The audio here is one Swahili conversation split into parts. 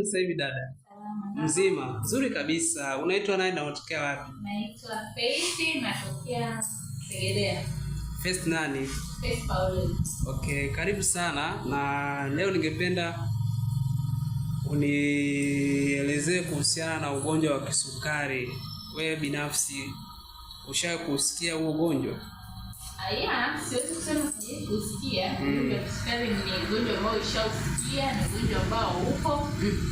Sasa hivi dada mzima nzuri kabisa, unaitwa nani na unatokea wapi? Naitwa Faith, natokea Segerea. Faith nani? Faith Pauline. Okay, karibu sana na leo ningependa unielezee kuhusiana na ugonjwa wa kisukari. Wewe binafsi ushawahi kusikia huo ugonjwa? Aya, siwezi kusema sijawahi kusikia. Ugonjwa hmm. wa kisukari ni ugonjwa ambao ushausikia kusikia na ugonjwa ambao upo mm.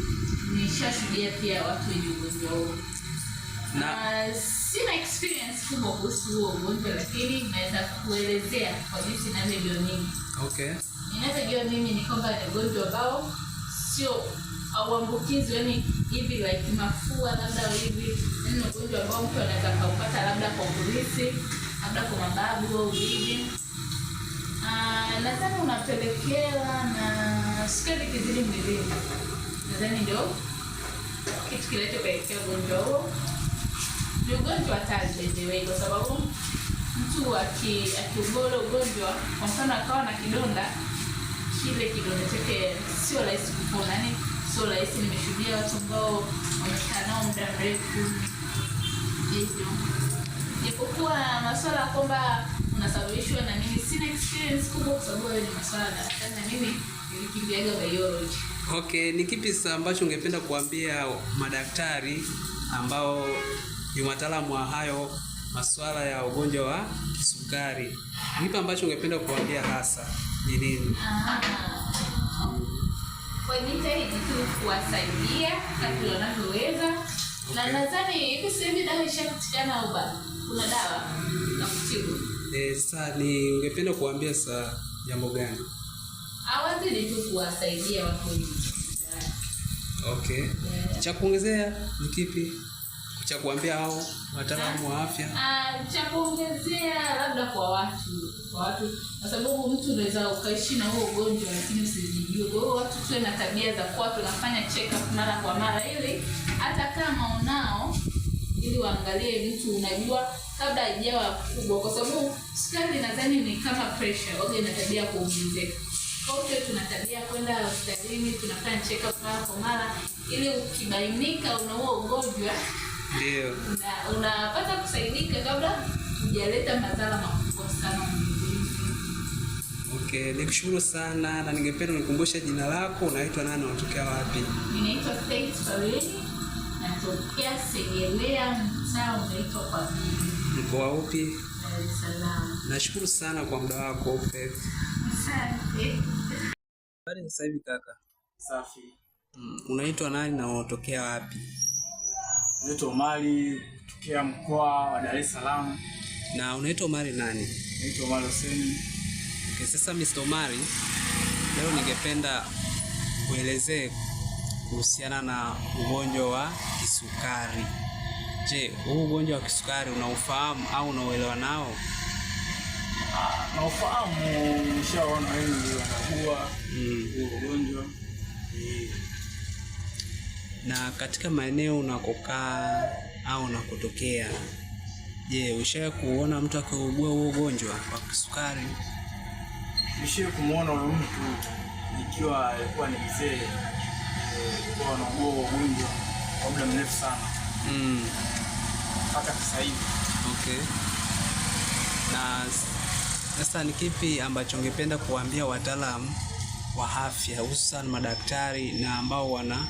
Nishashuhudia pia watu wenye ugonjwa huo na uh, sina experience kubwa kuhusu huo ugonjwa, lakini naweza kuelezea kwa jinsi ninavyojua mimi. Okay, mimi ni kwamba ni ugonjwa ambao sio auambukizi, yani hivi like mafua labda hivi, yaani ni ugonjwa ambao mtu anaweza kaupata labda kwa urithi, labda kwa mababu au vivi Uh, nadhani unapelekewa na sukari kizidi mwilini, nadhani ndio kitu kinachopelekea ugonjwa huo. Ni ugonjwa hatari bezewe, kwa sababu mtu akiugole ugonjwa, kwa mfano akawa na kidonda kile kidonda chake sio rahisi kupona, yani sio rahisi. Nimeshuhudia watu ambao wamekaa nao muda mrefu, japokuwa masuala ya kwamba unasababishwa na nini? Sina experience kubwa kwa sababu ni masada na mimi nilikimbiaga biology. Okay, ni kipi sasa ambacho ungependa kuambia madaktari ambao ni wataalamu wa hayo masuala ya ugonjwa wa kisukari? Kipi ambacho ungependa kuambia hasa ni nini? Wajitahidi tu kuwasaidia kadri wanavyoweza. Okay. Na nadhani hivi sasa hivi dawa ishapatikana au bado? Kuna dawa na kutibu. Eh, sasa ningependa kuambia saa jambo gani? Awali ni tu kuwasaidia watu wengi. Okay. Yeah. Cha kuongezea ni kipi? Cha kuambia hao wataalamu wa afya? Ah, cha kuongezea labda kwa watu, kwa watu kwa sababu mtu unaweza ukaishi na huo ugonjwa lakini usijijue. Kwa hiyo watu tuwe na tabia za kuwa tunafanya check up mara kwa mara ili hata kama unao ili waangalie mtu, unajua kabla hajawa kubwa, kwa sababu sukari nadhani ni kama pressure, waga ina tabia ya Kote tuna tabia kwenda hospitalini, tunafanya check up mara kwa mara, ili ukibainika unaua ugonjwa ndio unapata kusaidika kabla hujaleta madhara makubwa sana. Okay, nikushukuru sana na ningependa nikumbushe jina lako, unaitwa nani, unatokea wapi? Ninaitwa Faith natokea Segerea, mtaa unaitwa kwa Bili. Mkoa upi? Dar es Salaam. Nashukuru sana kwa muda wako. Asante. Habari sasa hivi kaka? Safi. Mm, unaitwa nani na unatokea wapi? Naitwa Omari, tokea mkoa wa Dar es Salaam. Na unaitwa Omari nani? Naitwa Omari Hussein. Okay, sasa Mr. Omari, leo ningependa kuelezee kuhusiana na ugonjwa wa kisukari. Je, huu ugonjwa wa kisukari unaufahamu au unauelewa nao? Naufahamu, nishaona wengi wanaugua hmm. huu ugonjwa. Na katika maeneo unakokaa au unakotokea, je, ushawahi kuona mtu akiugua huo ugonjwa wa kisukari? Nishawahi kumwona huyo mtu ikiwa alikuwa ni mzee kwa wanaugua ugonjwa kwa muda mrefu sana mm. mpaka sasa hivi. Okay. Na sasa ni kipi ambacho ungependa kuwaambia wataalamu wa afya hususan madaktari na ambao wana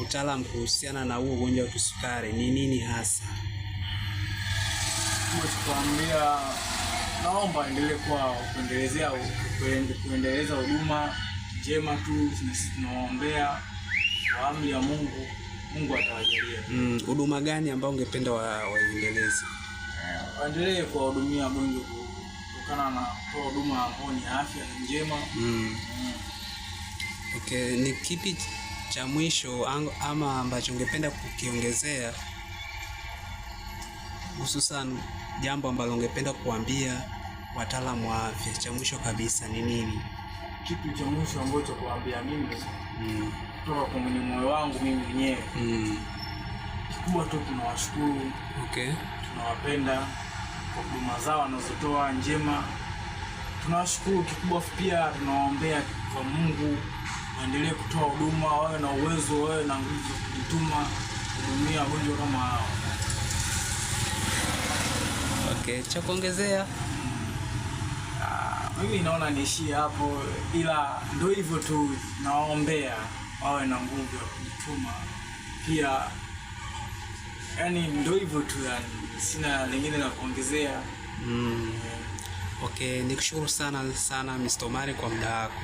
utaalamu kuhusiana na huu ugonjwa wa kisukari ni nini hasa? Tutaambia naomba endelee kuwa kuendelezea kuendeleza huduma njema tu, sisi tunawaombea amri ya Mungu, Mungu atawajalia. Mm, huduma mm, gani ambayo ungependa waendeleze? wa waendelee kuwahudumia wagonjwa kutokana na kutoa huduma ambayo ni afya njema mm. Mm. Okay, ni kipi cha mwisho ama ambacho ungependa kukiongezea hususan jambo ambalo ungependa kuambia wataalamu wa afya, cha mwisho kabisa ni nini? Kitu cha mwisho ambacho kuambia mimi mm kutoka kwa mwenye moyo wangu mimi mwenyewe mm. Kikubwa tu tunawashukuru okay. Tunawapenda kwa huduma zao wanazotoa njema, tunawashukuru. Kikubwa pia tunawaombea kwa Mungu waendelee kutoa huduma, wawe na uwezo, wawe na nguvu za kujituma kuhudumia wagonjwa kama hao. Okay, cha kuongezea ah, mimi naona niishie hapo, ila ndio hivyo tu, nawaombea wawe na nguvu ya kujituma pia. Yani ndio hivyo tu, yani sina lingine la kuongezea. Mm. Okay, nikushukuru sana sana Mr. Omary kwa muda wako.